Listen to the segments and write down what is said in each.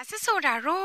Masu sauraro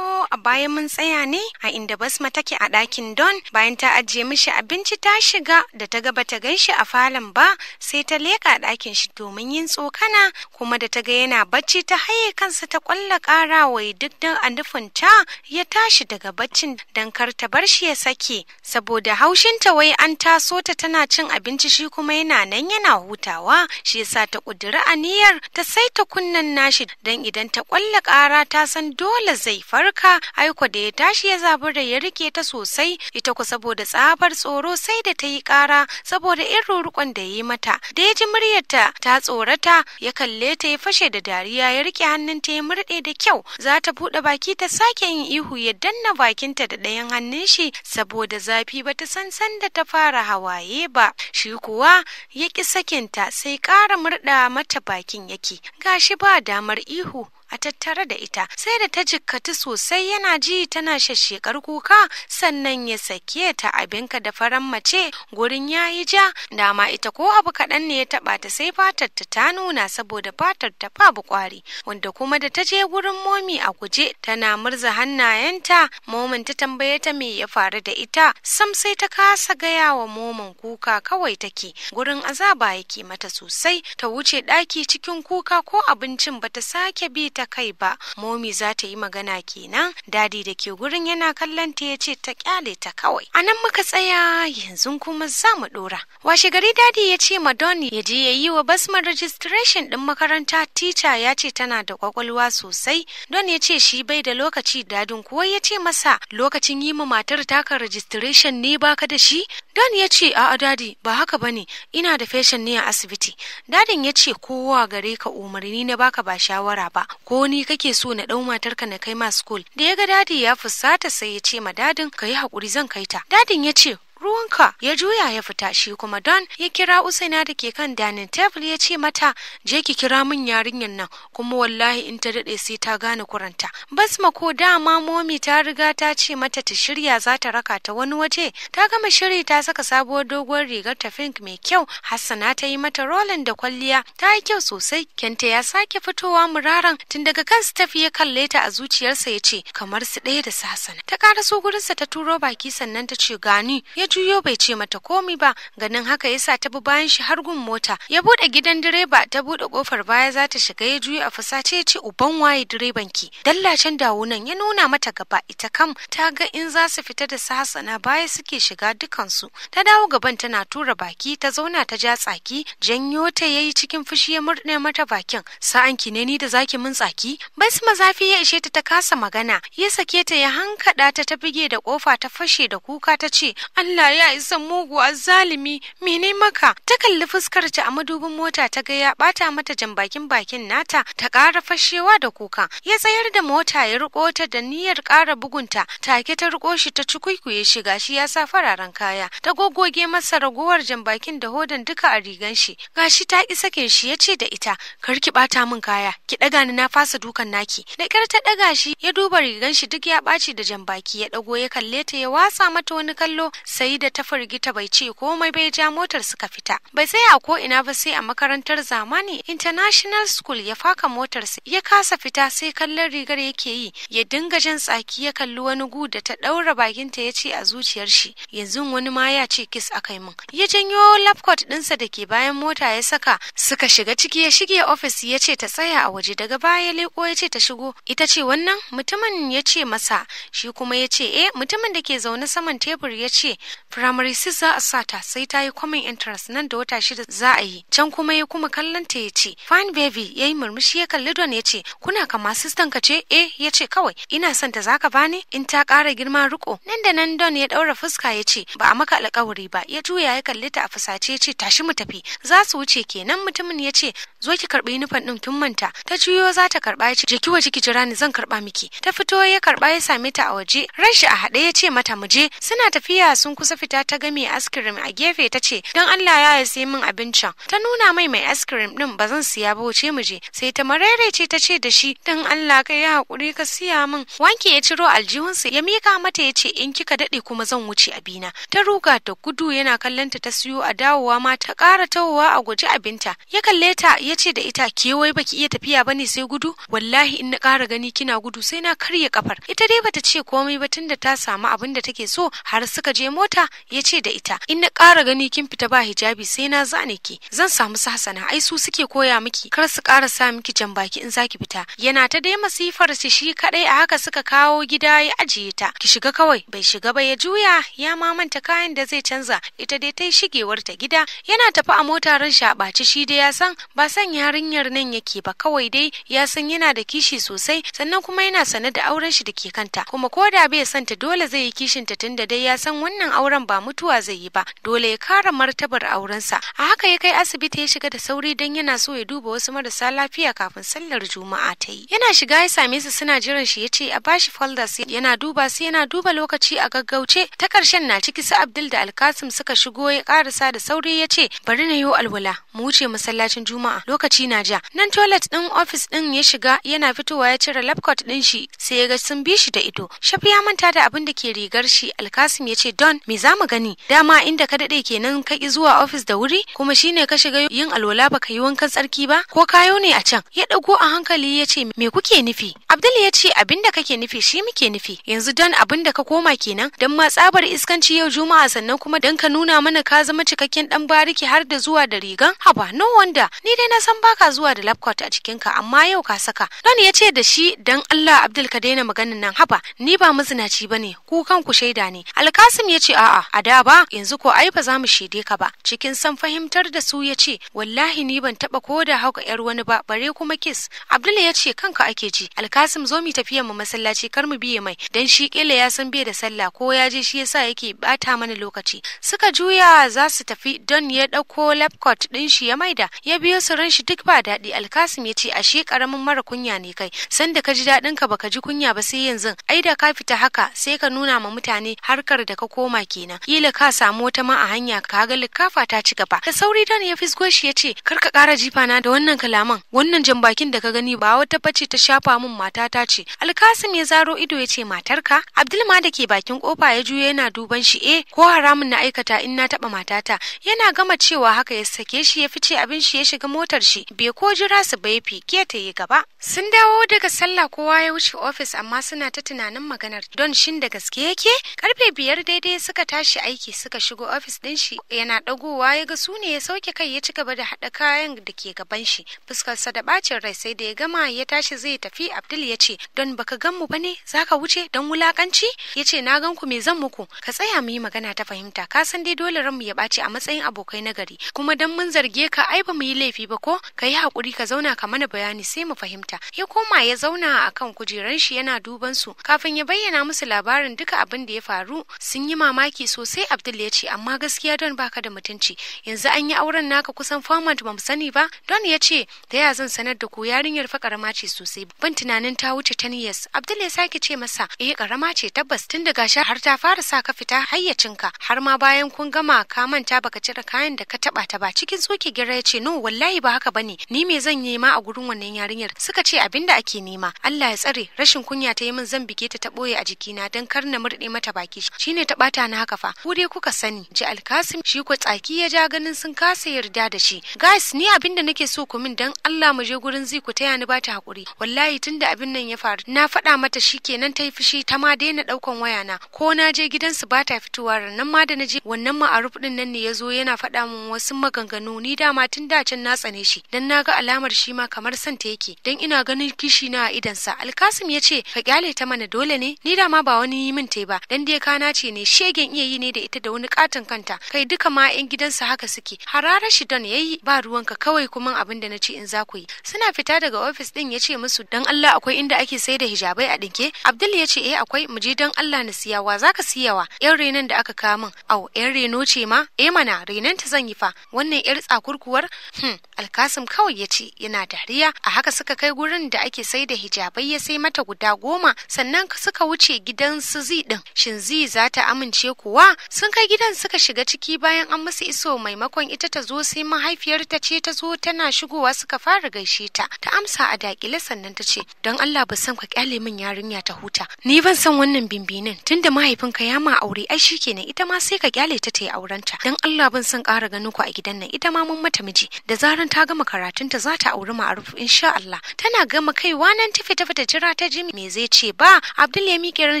a bayan mun tsaya ne a inda Basma take a ɗakin Don bayan ta ajiye mishi abinci ta shiga da ta gaba ta shi a falon ba sai ta leƙa ɗakin shi domin yin tsokana kuma da ta ga yana bacci ta haye kansa ta ƙwalla ƙara wai duk dan a nufin ta ya tashi daga baccin dan kar ta bar shi ya sake saboda haushinta wai an taso ta tana cin abinci shi kuma yana nan yana hutawa shi yasa ta ƙudiri aniyar ta saita kunnen nashi dan idan ta ƙwalla ƙara ta san dole zai farka aiko da ya tashi ya da ya rike ta sosai ita ku saboda tsabar tsoro sai da ta yi kara saboda irin rukun da ya yi mata da ya ji muryarta ta tsorata ya kalle ta ya fashe da dariya ya rike hannun ta ya murde da kyau za ta buɗe baki ta sake yin ihu ya danna bakin ta da ɗayan hannun shi saboda zafi ba ta san san da ta fara hawaye ba shi kuwa ya ki sakinta sai kara murda mata bakin yake gashi ba damar ihu a tattare da ita sai da ta jikkatu sosai yana ji tana shekar kuka sannan ya sake ta abinka da faran mace gurin ya yi ja dama ita ko abu kaɗan ne ya taɓa ta sai fatar ta ta nuna saboda fatar ta babu kwari wanda kuma da ta je gurin momi a guje tana murza hannayenta momin ta tambaye ta me ya faru da ita sam sai ta kasa gaya wa momin kuka kawai take gurin azaba yake mata sosai ta wuce ɗaki cikin kuka ko abincin bata sake bi ta kai ba momi za ta yi magana kenan dadi da ke gurin yana kallon ta ya ce ta kyale ta kawai a nan muka tsaya yanzu kuma za mu dora washe gari dadi ya ce don ya je ya yi wa basman registration din makaranta tica ya ce tana da kwakwalwa sosai don ya ce shi bai da lokaci dadin kuwa ya ce masa lokacin yi ma matar taka registration ne baka da shi Dan ya ce a'a dadi ba haka bane ina da feshin ne a asibiti. Dadin ya ce kowa gare ka umarni na baka ba shawara ba ko ni kake so na dau matarka na kai ma school. Da ya ga dadi ya fusata sai ya ce ma dadin ka yi hakuri zan kai ta. Dadin ya ce ruwanka ya juya ya fita shi kuma don ya kira usaina da ke kan dining table ya ce mata je ki kira min yarinyar nan kuma wallahi in ta daɗe sai ta gane kuranta basma ko dama momi ta riga ta ce mata ta shirya za ta raka ta wani waje ta gama shiri ta saka sabuwar doguwar rigar ta pink mai kyau hassana ta yi mata rolin da kwalliya ta yi kyau sosai kenta ya sake fitowa muraran tun daga kan tafi ya kalle ta a zuciyarsa ya ce kamar su ɗaya da sasana ta ƙara so gurinsa ta turo baki sannan ta ce gani ya juyo bai ce mata komi ba ganin haka yasa ta bi bayan shi har gun mota ya bude gidan direba ta bude kofar baya za ta shiga ya juyo a fusace ce uban waye direban ki dallacen dawo nan ya nuna mata gaba ita kam ta ga in za su fita da sasana baya suke shiga dukansu ta dawo gaban tana tura baki ta zauna ta ja tsaki janyo ta yayi cikin fushi ya murne mata bakin sa'an ki ne ni da zaki mun tsaki bas mazafi ya ishe ta ta kasa magana ya sake ta ya hankada ta ta bige da kofa ta fashe da kuka ta ce Allah Allah ya isa mugu zalimi mene maka ta kalli fuskar ta a madubin mota ta ga ya bata mata jambakin bakin nata ta ƙara fashewa da kuka ya tsayar da mota ya riko ta da niyyar kara bugunta take ta riko shi ta cikuikuye shi gashi ya sa fararen kaya ta gogoge masa ragowar jambakin da hodan duka a rigan shi gashi ta ki sakin shi ya ce da ita kar ki bata min kaya ki daga ni na fasa dukan naki da kyar ta daga shi ya duba rigan shi duk ya baci da jambaki ya dago ya kalle ta ya wasa mata wani kallo sai sai da ta firgita bai ce komai bai ja motar suka fita bai tsaya ko ina ba sai a makarantar zamani international school ya faka motarsa ya kasa fita sai kallon rigar yake yi ya dinga jan tsaki ya kalli wani gu da ta ɗaura bakinta ya ce a zuciyar shi yanzu wani ma ya ce kis a kai min ya janyo lapcot dinsa da ke bayan mota ya saka suka shiga ciki ya shige ofis ya ce ta tsaya a waje daga baya leko ya ce ta shigo ita ce wannan mutumin ya ce masa shi kuma ya ce eh mutumin da ke zaune saman tebur ya ce firamare sai za a sa ta sai ta yi kwamin interest nan da wata shida za a yi can kuma ya kuma kallon ta ya ce fine baby ya yi murmushi ya kalli don ya ce kuna kama sistan ka ce eh ya ce kawai ina son ta zaka bani in ta kara girma riko nan da nan don ya ɗaura fuska ya ce ba a maka alƙawari ba ya juya ya kalli ta a fusace ya ce tashi mu tafi za su wuce kenan mutumin ya ce zo ki karɓi nufan ɗin kin manta ta juyo za ta karɓa ya ce jeki waje ki jira ni zan karɓa miki ta fito ya karɓa ya same ta a waje ran shi a haɗe ya ce mata mu je suna tafiya sun kusa kusa fita ta ga mai askirim a gefe ta ce don Allah ya sai min abincin ta nuna mai mai askirim din ba zan siya ba wuce mu je sai ta marere ce ta ce da shi don Allah kai ya hakuri ka siya min wanke ya ciro aljihunsa ya mika mata ya ce in kika dade kuma zan wuce abina ta ruga ta gudu yana kallon ta ta siyo a dawowa ma ta kara tawowa a guji abinta ya kalle ta ya ce da ita ke wai baki iya tafiya bane sai gudu wallahi in na kara gani kina gudu sai na karya kafar ita dai bata ce komai ba tunda ta samu abin da take so har suka je mota fita ya ce da ita in na ƙara gani kin fita ba hijabi sai na zane ki zan samu su hasana ai su suke koya miki kar su ƙara sa miki jan baki in zaki fita yana ta dai masifar shi shi kadai a haka suka kawo gida ya ajiye ta ki shiga kawai bai shiga ba ya juya ya mamanta kayan da zai canza ita dai ta shigewar ta gida yana tafi a mota ran shaɓaci shi dai ya san ba san yarinyar nan yake ba kawai dai ya san yana da kishi sosai sannan kuma yana sane da auren shi da ke kanta kuma ko da bai santa dole zai yi kishin ta tunda dai ya san wannan auren auren ba mutuwa zai yi ba dole ya kara martabar aurensa a haka ya kai asibiti ya shiga da sauri don yana so ya duba wasu marasa lafiya kafin sallar juma'a ta yi yana shiga ya same su suna jiran shi ya ce a bashi folders yana duba sai yana duba lokaci a gaggauce ta karshen na ciki su abdul da alkasim suka shigo ya karasa da sauri ya ce bari na yi alwala mu wuce masallacin juma'a lokaci na ja nan toilet din ofis din ya shiga yana fitowa ya cire laptop din shi sai ya ga sun bi shi da ido shafi ya manta da abin da ke rigar shi alkasim ya ce don me za mu gani dama inda ka daɗe kenan ka ki zuwa ofis da wuri kuma shine ka shiga yin alwala ka yi wankan tsarki ba ko kayo ne a can ya ɗago a hankali ya ce me kuke nufi abdul ya ce abin da kake nufi shi muke nufi yanzu dan abin da ka koma kenan dan ma tsabar iskanci yau juma'a sannan kuma dan ka nuna mana ka zama cikakken dan bariki har da zuwa da rigan haba no wanda ni dai na san baka zuwa da lapcot a cikin ka amma yau ka saka don ya ce da shi dan Allah Abdul ka daina maganin nan haba ni ba mazinaci bane ku kanku shaida ne Alkasim ya ce a a'a a da ba yanzu ko ai ba za mu shede ka ba cikin san fahimtar da su yace. wallahi ni ban taba ko da hauka yar wani ba bare kuma kis abdul ya ce kanka ake ji alkasim zo mi tafiya mu masallaci kar mu biye mai dan shi kila ya san bai da sallah ko ya je shi yasa yake bata mana lokaci suka juya za su tafi don ya dauko lapcot din shi ya maida ya biyo su ran shi duk ba daɗi alkasim ya ce ashe karamin mara kunya ne kai sanda ka ji daɗin ka baka ji kunya ba sai yanzu ai da ka fita haka sai ka nuna ma mutane harkar da ka koma ki kenan kila ka samu wata ma a hanya ka ga likafa ta ci gaba da sauri dan ya fisgo shi ya ce kar ka kara jifana da wannan kalaman wannan jan bakin da ka gani ba wata bace ta shafa min matata ce alkasim ya zaro ido ya ce matarka abdulma da ke bakin kofa ya juyo yana duban shi eh ko haramun na aikata in na taba matata yana gama cewa haka ya sake shi ya fice abin shi ya shiga motar shi bai ko jira su bai fike ta yi gaba sun dawo daga sallah kowa ya wuce ofis amma suna ta tunanin maganar don shin da gaske yake karfe biyar daidai suka suka tashi aiki suka shigo ofis din shi yana dagowa ya ga su ne ya sauke kai ya ci gaba da hada kayan da ke gaban shi fuskarsa da bacin rai sai da ya gama ya tashi zai tafi abdul ya ce don baka gan mu bane zaka wuce don wulakanci ya ce na gan ku me zan muku ka tsaya mu yi magana ta fahimta ka san dai dole mu ya ɓaci a matsayin abokai na gari kuma dan mun zarge ka ai ba mu yi laifi ba ko ka yi hakuri ka zauna ka mana bayani sai mu fahimta ya koma ya zauna akan kujeran shi yana duban su kafin ya bayyana musu labarin duka abin da ya faru sun yi mamaki mamaki sosai Abdul ya ce amma gaskiya don baka da mutunci yanzu an yi auren naka kusan format ba mu sani ba don ya ce da ya zan sanar da ku yarinyar fa karama ce sosai ban tunanin ta wuce ten years Abdul ya sake ce masa eh karama ce tabbas tun daga sha har ta fara sa ka fita hayyacinka har ma bayan kun gama ka manta baka cire kayan da ka taba ta ba cikin tsoke gira ya ce no wallahi ba haka bane ni me zan yi nema a gurin wannan yarinyar suka ce abinda ake nema Allah ya tsare rashin kunya ta yi min zan bige ta ta boye a jikina don kar na murɗe mata baki shi ne ta bata na haka fa ku dai kuka sani ji alkasim shi ko tsaki ya ja ganin sun kasa yarda da shi guys ni abin da nake so ku min dan Allah mu je gurin zai ku taya ni bata hakuri wallahi tunda abin nan ya faru na faɗa mata shikenan ta yi fushi ta ma daina ɗaukan waya na ko na je gidansu ba ta fitowa ranan ma da na je wannan ma'aruf din nan ne ya zo yana faɗa min wasu maganganu ni dama tun da can na tsane shi dan na ga alamar shi ma kamar santa yake dan ina ganin kishi na a sa. alkasim ya ce ka kyale ta mana dole ne ni dama ba wani yi min ta ba dan dai kana ce ne shege. zan iya yi ne da ita da wani katin kanta kai duka ma yan gidansa haka suke Harara shi don yayi ba ruwanka kawai kuma abin da na ce in za ku yi suna fita daga ofis din ya ce musu dan Allah akwai inda ake sai da hijabai a dinke Abdul ya ce eh akwai mu je dan Allah na wa zaka siyawa yan renon da aka kawo min au yan reno ce ma eh mana renan ta zan yi fa wannan yar tsakurkuwar hmm alkasim kawai ya ce yana dariya a haka suka kai gurin da ake sai da hijabai ya sai mata guda goma sannan suka wuce gidan su zi din shin zi za ta amince kuwa sun kai gidan suka shiga ciki bayan an musu iso maimakon ita ta zo sai mahaifiyar ta ce ta zo tana shigowa suka fara gaishe ta ta amsa a dakile sannan ta ce don Allah ba san ka kyale min yarinya ta huta ni ban san wannan bimbinin tunda mahaifinka ya ma aure ai shikenan ita ma sai ka kyale ta ta yi ta don Allah ban san kara ganin ku a gidan nan ita ma mun mata miji da zaran ta gama karatun ta za ta auri ma'arufu insha Allah tana gama kaiwa nan ta fita ta jira ta ji me zai ce ba Abdul ya miƙe ran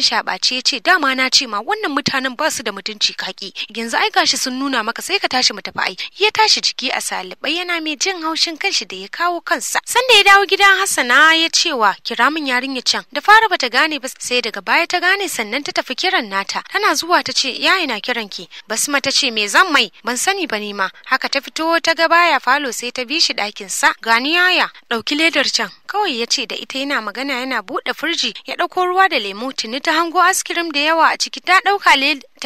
shaɓace ya ce dama na ce ma wannan mutanen ba ba su da mutunci kaki yanzu ai gashi sun nuna maka sai ka tashi mu tafi ai ya tashi jiki a salibai yana mai jin haushin kanshi da ya kawo kansa sanda ya dawo gidan hassana ya cewa kira min yarinya can da fara bata gane ba sai daga baya ta gane sannan ta tafi kiran nata tana zuwa ta ce yayi na kiran ki basma ta ce me zan mai ban sani ba ne ma haka ta fito ta ga baya falo sai ta bi shi ɗakin sa gani yaya ɗauki ledar can kawai ya ce da ita yana magana yana buɗe firji ya ɗauko ruwa da lemo tuni ta hango askirim da yawa a ciki ta ɗauka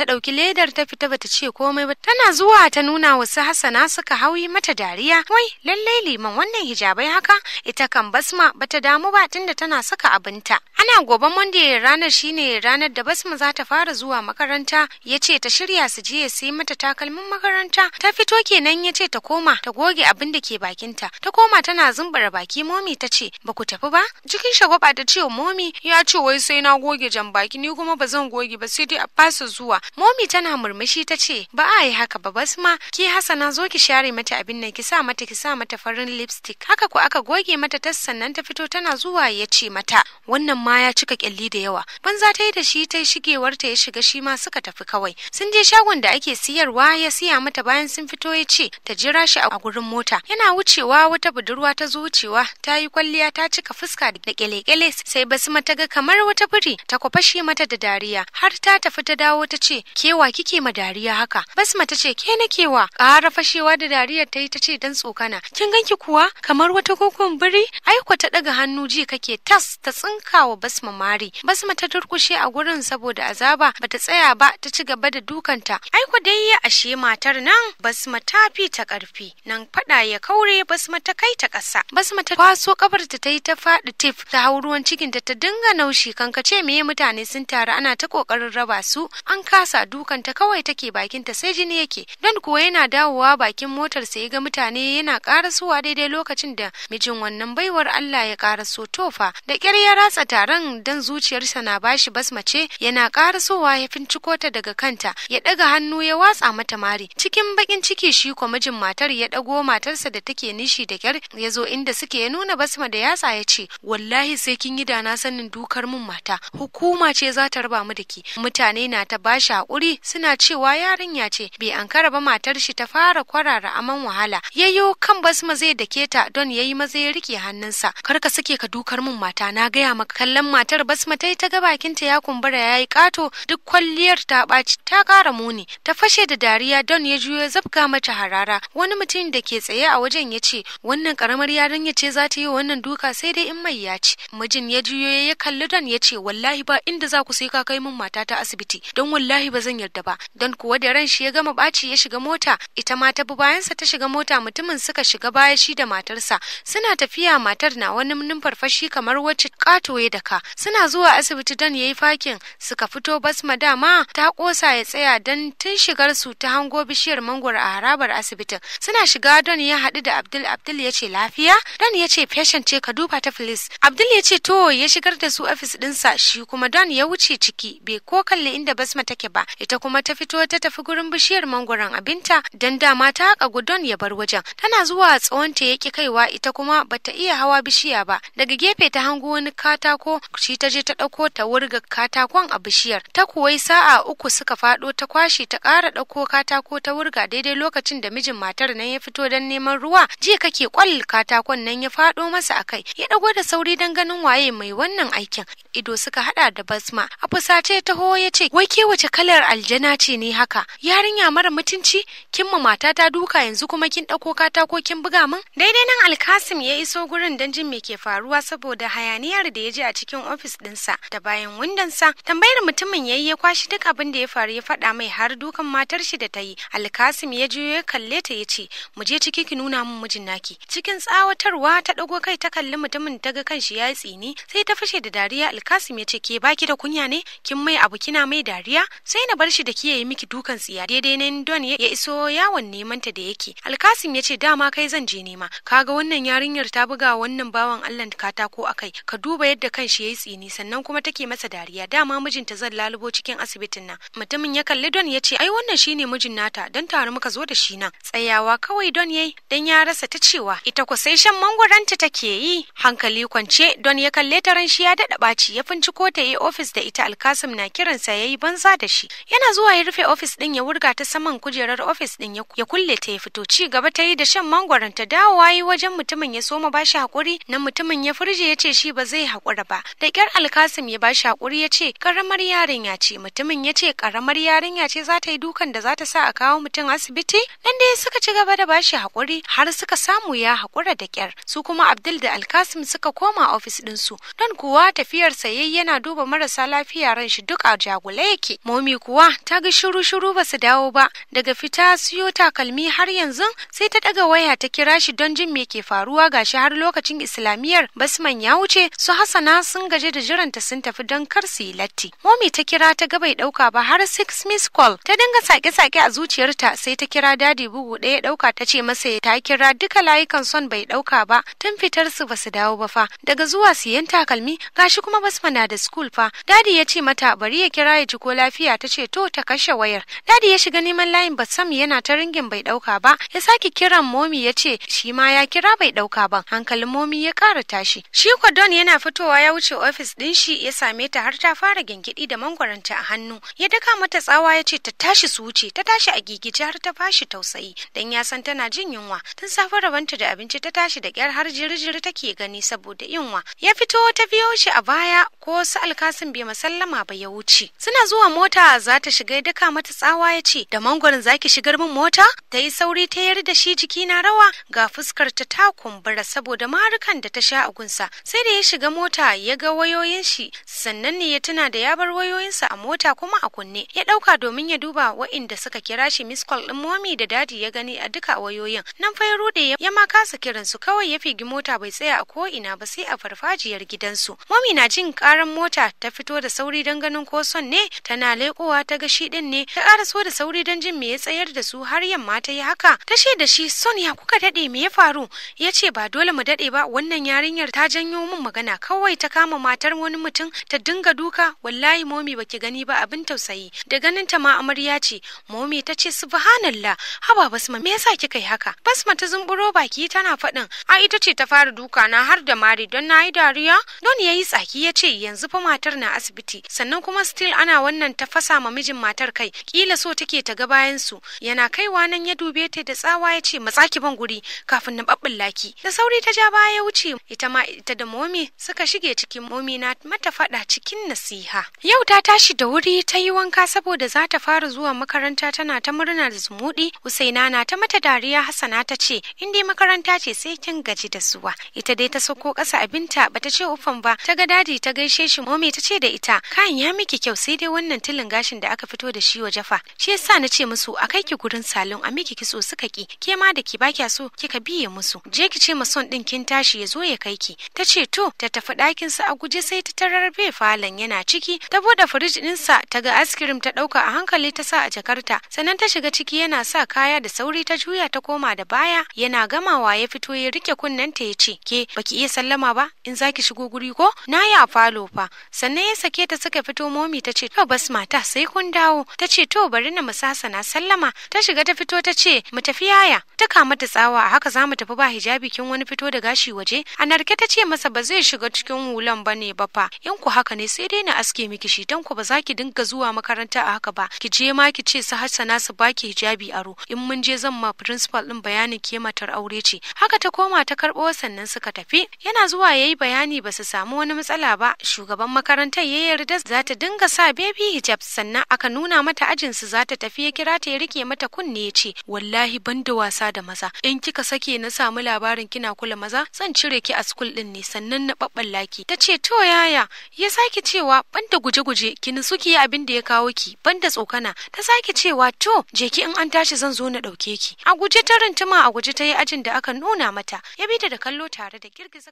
ta ɗauki ledar ta fita bata ce komai ba tana zuwa ta nuna wasu Hassana suka hauyi mata dariya wai lallai liman wannan hijabai haka ita kan basma bata damu ba tunda tana saka abinta ana gobe monday ranar shine ranar da basma za ta fara zuwa makaranta ya ce ta shirya su je sai mata takalmin makaranta ta fito kenan ya ce ta koma ta goge abin da ke bakinta ta koma tana zumbura baki momi ta ce ba ku tafi ba cikin shagwaba ta ce momi ya ce wai sai na goge jan baki ni kuma ba zan goge ba sai dai a fasa zuwa momi tana murmushi ta ce ba a yi haka ba basma ki Hassana zo ki share mata abin nan ki sa mata ki sa mata farin lipstick haka ku aka goge mata tas sannan ta fito tana zuwa ya ce mata wannan ma ya cika kyalli da yawa banza ta yi da shi ta yi shigewar ta ya shiga shi ma suka tafi kawai sun je shagon da ake siyarwa ya siya mata bayan sun fito ya ce ta jira shi a gurin mota yana wucewa wata budurwa ta zo wucewa ta yi kwalliya ta cika fuska da kyale-kyale sai ma ta ga kamar wata biri ta kwafashe mata da dariya har ta tafi ta dawo ta ce ce kewa kike ma dariya haka basma ta ce ke na kewa ƙara fashewa da dariyar ta yi ta ce dan tsokana kin ki kuwa kamar wata kokon biri aiko ta daga hannu ji kake tas ta tsinkawa basma mari basma ta turkushe a gurin saboda azaba bata tsaya ba ta ci gaba da dukanta aiko dai ya ashe matar nan basma ta fi ta karfi nan fada ya kaure basma ta kai ta ƙasa basma ta kwaso kabar ta yi ta faɗi tif ta hau ruwan cikinta ta dinga naushi kankace me mutane sun tare. ana ta ƙoƙarin raba su an ka kasa dukanta kawai take bakin ta sai jini yake don kuwa yana dawowa bakin motar sai ga mutane yana karasuwa daidai lokacin da mijin wannan baiwar Allah ya karaso tofa da kyar ya ratsa taron dan zuciyarsa na bashi basmace yana karasowa ya finciko ta daga kanta ya daga hannu ya watsa mata mari cikin bakin ciki shi ko mijin matar ya dago matarsa da take nishi da kyar ya zo inda suke ya nuna basma da yatsa ya ce wallahi sai kin yi da na sanin dukar mun mata hukuma ce za ta raba mu da ki mutane na ta bashi shakuri suna cewa yarinya ce bai ankara ba matar shi ta fara kwarara aman wahala yayyo kan basma zai dake ta don yayi maza ya rike hannunsa kar ka sake ka dukar mun mata na gaya maka kallon matar basma tai ta ga bakin ta ya kumbura yayi kato duk kwalliyar ta baci ta kara muni ta fashe da dariya don ya juyo zabga mata harara wani mutum da ke tsaye a wajen ya ce wannan karamar yarinya ce za ta yi wannan duka sai dai in mai ya ci mijin ya juyo ya kalli don ya ce wallahi ba inda za ku sai ka kai mun mata ta asibiti don wallahi wallahi ba zan yarda ba don kuwa da ran shi ya gama baci ya shiga mota ita ma ta bi bayansa ta shiga mota mutumin suka shiga baya shi da matarsa suna tafiya matar na wani numfarfashi kamar wacce katoye da ka suna zuwa asibiti don yayi fakin suka fito basma dama ta kosa ya tsaya don tun shigar su ta hango bishiyar mangwaro a harabar asibitin suna shiga don ya haɗu da abdul abdul ya ce lafiya don ya ce patient ce ka duba ta filis abdul ya ce to ya shigar da su ofis ɗinsa shi kuma don ya wuce ciki bai ko kalli inda basma take ba ita kuma ta fito ta tafi gurin bishiyar mangoron abinta dan dama ta haka gudon ya bar wajen tana zuwa tsawon ta yaki kaiwa ita kuma bata iya hawa bishiya ba daga gefe ta hango wani katako shi ta je ta ɗauko ta wurga katakon a bishiyar ta kuwai sa'a uku suka fado ta kwashe ta kara ɗauko katako ta wurga daidai lokacin da mijin matar nan ya fito don neman ruwa ji kake kwal katakon nan ya fado masa a kai ya ɗago da sauri don ganin waye mai wannan aikin ido suka haɗa da basma a fusace taho ya ce wai ke wace kalar aljana ce ne haka yarinya mara mutunci kin ma matata duka yanzu kuma kin ɗauko katako kin buga mun. daidai nan alkasim ya iso gurin don jin me ke faruwa saboda hayaniyar da ya ji a cikin ofis dinsa. da bayan wundansa tambayar mutumin yayi ya kwashi duk abin da ya faru ya faɗa mai har dukan matar shi da ta yi alkasim ya juyo ya kalle ta ya ce mu je ciki ki nuna min mijin naki cikin tsawatarwa ta dago kai ta kalli mutumin ta ga kanshi ya tsini sai ta fashe da dariya alkasim ya ce ke baki da kunya ne kin mai abu kina mai dariya sai na bar shi da kiyaye miki dukan tsiya daidai ne don ya iso yawon nemanta da yake alkasim ya ce dama kai zan je nema kaga wannan yarinyar ta buga wannan bawan allah katako a kai ka duba yadda kan shi yayi tsini sannan kuma take masa dariya dama mijinta zan lalubo cikin asibitin nan mutumin ya kalli don ya ce ai wannan shine mijin nata dan tare muka zo da shi nan tsayawa kawai don yayi dan ya rasa ta cewa ita ko sai shan mangwaranta take yi hankali kwance don ya kalle ta ran shi ya dada baci ya ko ta yi ofis da ita alkasim na kiransa yayi banza da shi shi yana zuwa ya rufe ofis din ya wurga ta saman kujerar ofis din ya kulle ta ya fito ci gaba ta yi da shan mangwaron ta dawowa yi wajen mutumin ya soma bashi hakuri Na mutumin ya furje ya ce shi ba zai hakura ba da kyar alkasim ya bashi hakuri ya ce karamar yarinya ce mutumin ya ce karamar yarinya ce za ta yi dukan da za ta sa a kawo mutum asibiti nan dai suka ci gaba da bashi hakuri har suka samu ya hakura da kyar su kuma abdul da alkasim suka koma ofis din su don kuwa tafiyar sayayya yana duba marasa lafiya ran shi duk a jagula yake Naomi kuwa ta ga shiru-shiru ba su dawo ba daga fita siyo takalmi har yanzu sai ta daga waya ta kira shi don jin me ke faruwa shi har lokacin islamiyyar basman ya wuce su hasana sun gaje da jiranta sun tafi don kar su yi latti. Momi ta kira ta ga bai dauka ba har six miss call ta dinga sake-sake a zuciyarta sai ta kira dadi bugu ɗaya dauka ta ce masa ya ta kira duka layukan son bai dauka ba tun fitar su ba su dawo ba fa daga zuwa siyan takalmi gashi kuma basma na da school fa dadi ya ce mata bari ya kira ya ci ko lafiya murya ta ce to ta kashe wayar dadi ya shiga neman layin batsam yana ta ringin bai dauka ba ya sake kiran momi ya ce shi ma ya kira bai dauka ba hankalin momi ya kara tashi shi ko don yana fitowa ya wuce ofis din shi ya same ta har ta fara gingidi da mangwaranta a hannu ya daka mata tsawa ya ce ta tashi su wuce ta tashi a gigice har ta bashi tausayi dan ya san tana jin yunwa tun safe rabanta da abinci ta tashi da kyar har jirjiri take gani saboda yunwa ya fito ta biyo shi a baya ko su alkasin bai masallama ba ya wuce suna zuwa mota mota za ta shiga ya daka mata tsawa ya ce da mangwaron zaki shigar min mota ta yi sauri ta yar da shi jiki na rawa ga fuskar ta ta kumbura saboda marukan da ta sha a gunsa sai da ya shiga mota ya ga wayoyin shi sannan ne ya tuna da ya bar wayoyinsa a mota kuma a kunne ya dauka domin ya duba wa'inda suka kira shi miss call din momi da dadi ya gani a duka wayoyin nan fa ya rude ya ma kasa kiran su kawai ya figi mota bai tsaya a ko ina ba sai a farfajiyar gidansu momi na jin karan mota ta fito da sauri don ganin ko son ne tana lekowa ta ga shi din ne ta karaso da sauri don jin me ya tsayar da su har yamma ta yi haka ta ce da shi sonia kuka dade me ya faru ya ce ba dole mu dade ba wannan yarinyar ta janyo min magana kawai ta kama matar wani mutum ta dinga duka wallahi momi baki gani ba abin tausayi da ganin ta ma amarya ce momi ta ce subhanallah haba basma me yasa kika yi haka basma ta zumburo baki tana faɗin a ita ce ta fara duka na har da mari don na yi dariya don ya yi tsaki ya ce yanzu fa matar na asibiti sannan kuma still ana wannan ta kasa ma mijin matar kai kila so take ta ga bayan su yana kaiwa nan ya dube ta da tsawa ya ce matsaki ban guri kafin na babbulla laki. da sauri ta ja baya ya wuce ita ma ita da momi suka shige cikin momi na mata fada cikin nasiha yau ta tashi da wuri ta yi wanka saboda za ta fara zuwa makaranta tana ta murna da zumudi usaina na ta mata dariya hassana ta ce in dai makaranta ce sai kin gaji da zuwa ita dai ta sauko kasa abinta bata ce ufan ba ta ga dadi ta gaishe shi momi ta ce da ita kan ya miki kyau sai dai wannan tilin gashin da aka fito da shi wa Jafa. shi yasa na ce musu a kai ki gurin salon a miki kitso suka ki ke ma da ki ba kya so kika biye musu je ki ce son din kin tashi ya zo ya kai ki ta ce to ta tafi ɗakin sa a guje sai ta tarar bai falon yana ciki ta buɗe firij din sa ta ga askirim ta ɗauka a hankali ta sa a jakarta sannan ta shiga ciki yana sa kaya da sauri ta juya ta koma da baya yana gamawa ya fito ya rike kunnen ta ya ce ke baki iya sallama ba in zaki shigo guri ko na ya falo fa sannan ya sake ta suka fito momi ta ce to bas mata Allah sai kun dawo ta ce to bari na musasana sallama ta shiga ta fito ta ce mu tafi yaya ta kama ta tsawa a haka za mu tafi ba hijabi kin wani fito da gashi waje a narke ta ce masa ba zai shiga cikin hulan ba ne ba fa in ku haka ne sai dai na aske miki shi dan ku ba za ki dinga zuwa makaranta a haka ba ki je ma ki ce su hassana su baki hijabi aro in mun je zan ma principal din bayanin ke matar aure ce haka ta koma ta karbo sannan suka tafi yana zuwa yayi bayani ba su samu wani matsala ba shugaban makarantar ya yarda za ta dinga sa baby hijabs sannan aka nuna mata ajin su za ta tafi ya kira ta ya rike mata kunne ya ce wallahi ban da wasa da maza in kika sake na samu labarin kina kula maza zan cire ki a skul din ne sannan na babballa ki ta ce to yaya ya sake cewa ban da guje-guje ki nutsu ki yi abin da ya kawo ki ban da tsokana ta sake cewa to je ki in an tashi zan zo na ɗauke ki a guje ta rintuma a guje ta yi ajin da aka nuna mata ya bi ta da kallo tare da girgiza